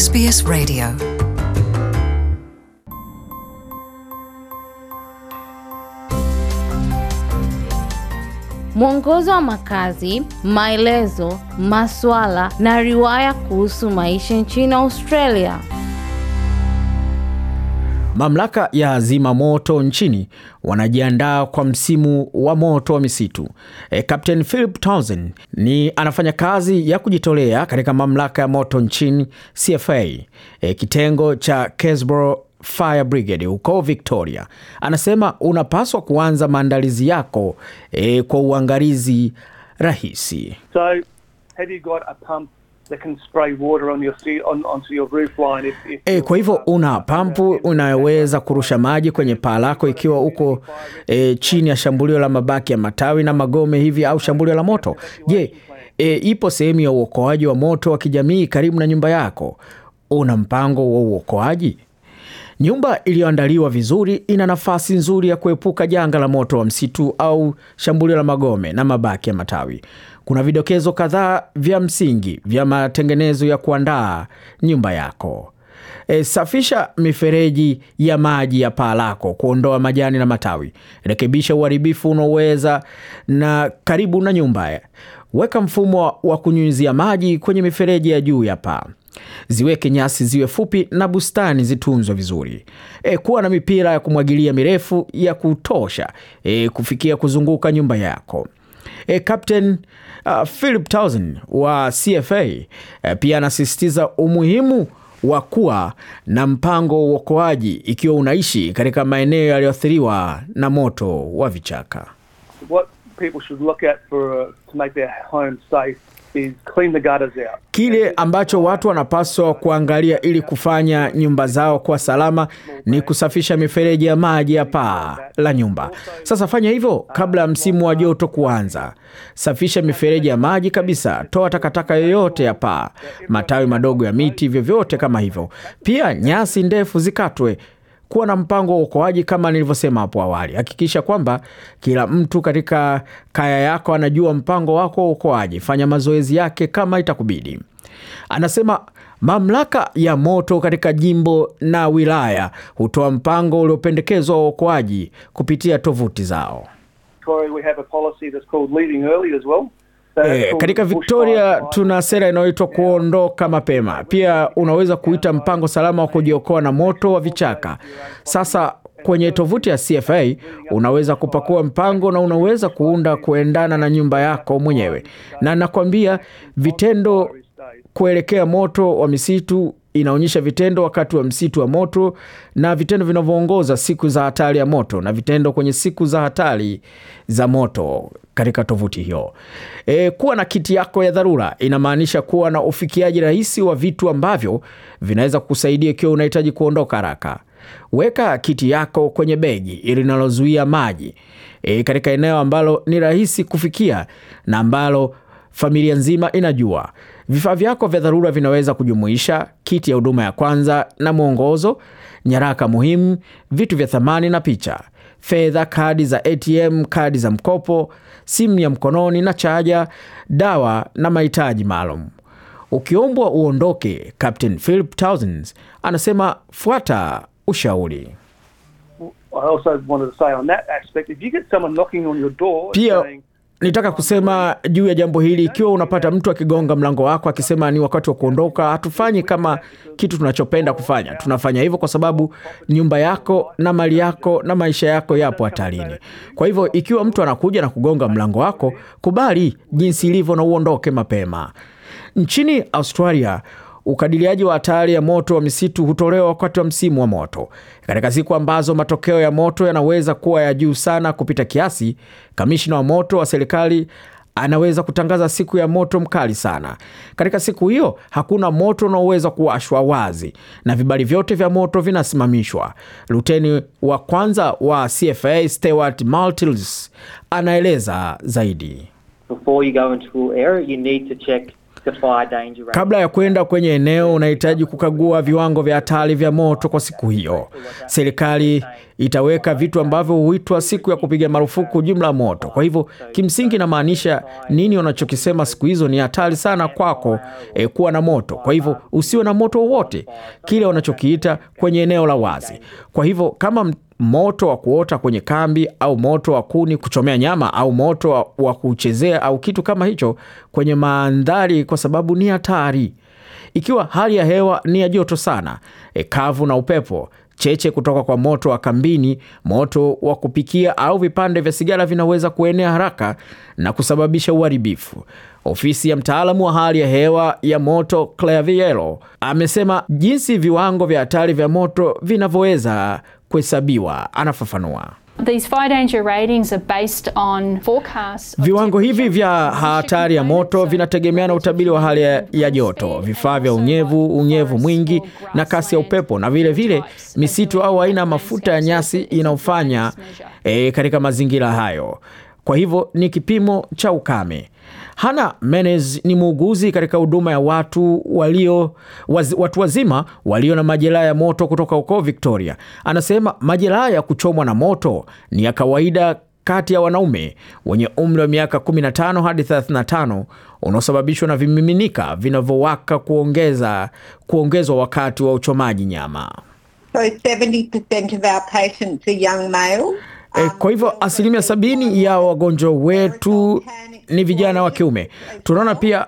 SBS Radio Mwongozo wa makazi, maelezo, maswala na riwaya kuhusu maisha nchini Australia. Mamlaka ya zima moto nchini wanajiandaa kwa msimu wa moto wa misitu. E, Captain Philip Townsend ni anafanya kazi ya kujitolea katika mamlaka ya moto nchini CFA, e, kitengo cha Kesborough Fire Brigade huko Victoria. Anasema unapaswa kuanza maandalizi yako e, kwa uangalizi rahisi. So, have you got a pump? e, kwa hivyo una pampu unayoweza kurusha maji kwenye paa lako ikiwa uko e, chini ya shambulio la mabaki ya matawi na magome hivi au shambulio la moto. Je, e, ipo sehemu ya uokoaji wa moto wa kijamii karibu na nyumba yako? Una mpango wa uokoaji? Nyumba iliyoandaliwa vizuri ina nafasi nzuri ya kuepuka janga la moto wa msitu au shambulio la magome na mabaki ya matawi. Kuna vidokezo kadhaa vya msingi vya matengenezo ya kuandaa nyumba yako. E, safisha mifereji ya maji ya paa lako kuondoa majani na matawi. Rekebisha uharibifu unaoweza na karibu na nyumba. Weka mfumo wa kunyunyizia maji kwenye mifereji ya juu ya paa. Ziweke nyasi ziwe fupi na bustani zitunzwe vizuri. E, kuwa na mipira ya kumwagilia mirefu ya kutosha e, kufikia kuzunguka nyumba yako. E, Captain uh, Philip Towson wa CFA e, pia anasisitiza umuhimu wa kuwa na mpango wa uokoaji ikiwa unaishi katika maeneo yaliyoathiriwa na moto wa vichaka. What people should look at for, uh, to make their home safe Kile ambacho watu wanapaswa kuangalia ili kufanya nyumba zao kuwa salama ni kusafisha mifereji ya maji ya paa la nyumba. Sasa fanya hivyo kabla ya msimu wa joto kuanza. Safisha mifereji ya maji kabisa, toa takataka yoyote ya paa, matawi madogo ya miti, vyovyote kama hivyo. Pia nyasi ndefu zikatwe kuwa na mpango wa uokoaji kama nilivyosema hapo awali. Hakikisha kwamba kila mtu katika kaya yako anajua mpango wako wa uokoaji. Fanya mazoezi yake kama itakubidi. Anasema mamlaka ya moto katika jimbo na wilaya hutoa mpango uliopendekezwa wa uokoaji kupitia tovuti zao. we have a policy that's called leaving early as well. E, katika Victoria tuna sera inayoitwa kuondoka mapema. Pia unaweza kuita mpango salama wa kujiokoa na moto wa vichaka. Sasa kwenye tovuti ya CFA unaweza kupakua mpango na unaweza kuunda kuendana na nyumba yako mwenyewe, na nakwambia vitendo kuelekea moto wa misitu inaonyesha vitendo wakati wa msitu wa moto na vitendo vinavyoongoza siku za hatari ya moto na vitendo kwenye siku za hatari za moto katika tovuti hiyo. E, kuwa na kiti yako ya dharura inamaanisha kuwa na ufikiaji rahisi wa vitu ambavyo vinaweza kukusaidia ikiwa unahitaji kuondoka haraka. Weka kiti yako kwenye begi linalozuia maji e, katika eneo ambalo ni rahisi kufikia na ambalo familia nzima inajua. Vifaa vyako vya dharura vinaweza kujumuisha kiti ya huduma ya kwanza na mwongozo, nyaraka muhimu, vitu vya thamani na picha fedha, kadi za ATM, kadi za mkopo, simu ya mkononi na chaja, dawa na mahitaji maalum. Ukiombwa uondoke, Captain Philip Townsend anasema fuata ushauri. Pia nitaka kusema juu ya jambo hili. Ikiwa unapata mtu akigonga mlango wako akisema ni wakati wa kuondoka, hatufanyi kama kitu tunachopenda kufanya. Tunafanya hivyo kwa sababu nyumba yako na mali yako na maisha yako yapo hatarini. Kwa hivyo, ikiwa mtu anakuja na kugonga mlango wako, kubali jinsi ilivyo na uondoke mapema. Nchini Australia Ukadiliaji wa hatari ya moto wa misitu hutolewa wakati wa msimu wa moto. Katika siku ambazo matokeo ya moto yanaweza kuwa ya juu sana kupita kiasi, kamishina wa moto wa serikali anaweza kutangaza siku ya moto mkali sana. Katika siku hiyo hakuna moto unaoweza kuwashwa wazi na vibali vyote vya moto vinasimamishwa. Luteni wa kwanza wa CFA Stewart Maltils anaeleza zaidi. Before you go into you need to check Kabla ya kwenda kwenye eneo, unahitaji kukagua viwango vya hatari vya moto kwa siku hiyo. Serikali itaweka vitu ambavyo huitwa siku ya kupiga marufuku jumla moto. Kwa hivyo kimsingi inamaanisha nini? Wanachokisema siku hizo ni hatari sana kwako e, kuwa na moto. Kwa hivyo usiwe na moto wowote, kile wanachokiita kwenye eneo la wazi. Kwa hivyo kama moto wa kuota kwenye kambi au moto wa kuni kuchomea nyama au moto wa, wa kuchezea au kitu kama hicho kwenye mandhari, kwa sababu ni hatari. Ikiwa hali ya hewa ni ya joto sana, e, kavu na upepo, cheche kutoka kwa moto wa kambini, moto wa kupikia au vipande vya sigara vinaweza kuenea haraka na kusababisha uharibifu. Ofisi ya mtaalamu wa hali ya hewa ya moto Claviero amesema jinsi viwango vya hatari vya moto vinavyoweza kuhesabiwa. Anafafanua. Viwango hivi vya hatari ya moto vinategemea na utabiri wa hali ya joto, vifaa vya unyevu, unyevu mwingi na kasi ya upepo, na vilevile vile, misitu au aina ya mafuta ya nyasi inayofanya e, katika mazingira hayo. Kwa hivyo ni kipimo cha ukame. Hana Menez ni muuguzi katika huduma ya watu walio waz, watu wazima walio na majeraha ya moto kutoka huko Victoria. Anasema majeraha ya kuchomwa na moto ni ya kawaida kati ya wanaume wenye umri wa miaka 15 hadi 35 unaosababishwa na vimiminika vinavyowaka kuongeza kuongezwa wakati wa uchomaji nyama. So 70% of our patients are young male. Eh, kwa hivyo asilimia sabini ya wagonjwa wetu ni vijana wa kiume. Tunaona pia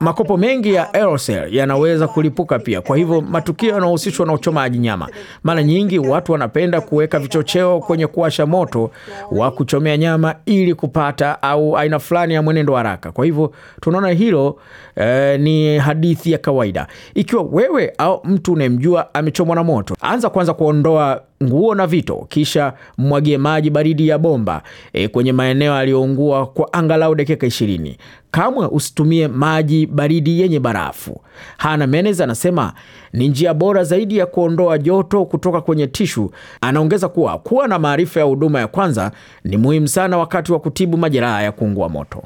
makopo mengi ya aerosol yanaweza kulipuka pia. Kwa hivyo matukio yanayohusishwa na uchomaji nyama, mara nyingi watu wanapenda kuweka vichocheo kwenye kuwasha moto wa kuchomea nyama ili kupata au aina fulani ya mwenendo wa haraka. Kwa hivyo tunaona hilo eh, ni hadithi ya kawaida. Ikiwa wewe au mtu unayemjua amechomwa na moto, anza kwanza kuondoa nguo na vito, kisha mwagie maji baridi ya bomba e, kwenye maeneo aliyoungua kwa angalau dakika ishirini. Kamwe usitumie maji baridi yenye barafu. Hana Menez anasema ni njia bora zaidi ya kuondoa joto kutoka kwenye tishu. Anaongeza kuwa kuwa na maarifa ya huduma ya kwanza ni muhimu sana wakati wa kutibu majeraha ya kuungua moto.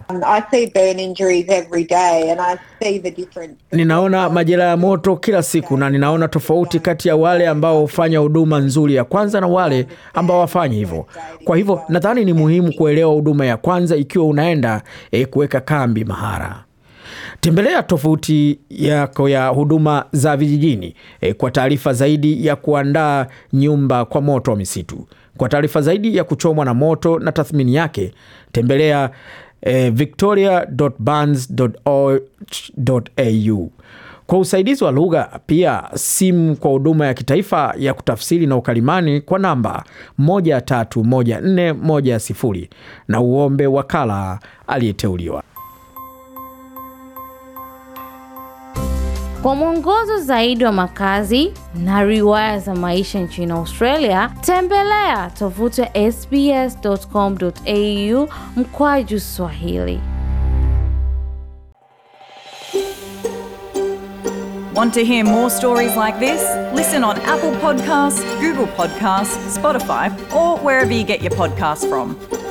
ninaona majeraha ya moto kila siku na ninaona tofauti kati ya wale ambao hufanya huduma nzuri ya kwanza na wale ambao hawafanyi hivyo. Kwa hivyo nadhani ni muhimu kuelewa huduma ya kwanza ikiwa unaenda e, kuweka kambi mahara. Tembelea tovuti yako ya huduma za vijijini e, kwa taarifa zaidi ya kuandaa nyumba kwa moto wa misitu. Kwa taarifa zaidi ya kuchomwa na moto na tathmini yake, tembelea e, victoria.burns.org.au. Kwa usaidizi wa lugha pia, simu kwa huduma ya kitaifa ya kutafsiri na ukalimani kwa namba 131410 na uombe wakala aliyeteuliwa. Kwa mwongozo zaidi wa makazi na riwaya za maisha nchini Australia, tembelea tovuti ya sbs.com.au mkwaju Swahili. Want to hear more stories like this? Listen on Apple Podcasts, Google Podcasts, Spotify, or wherever you get your podcasts from.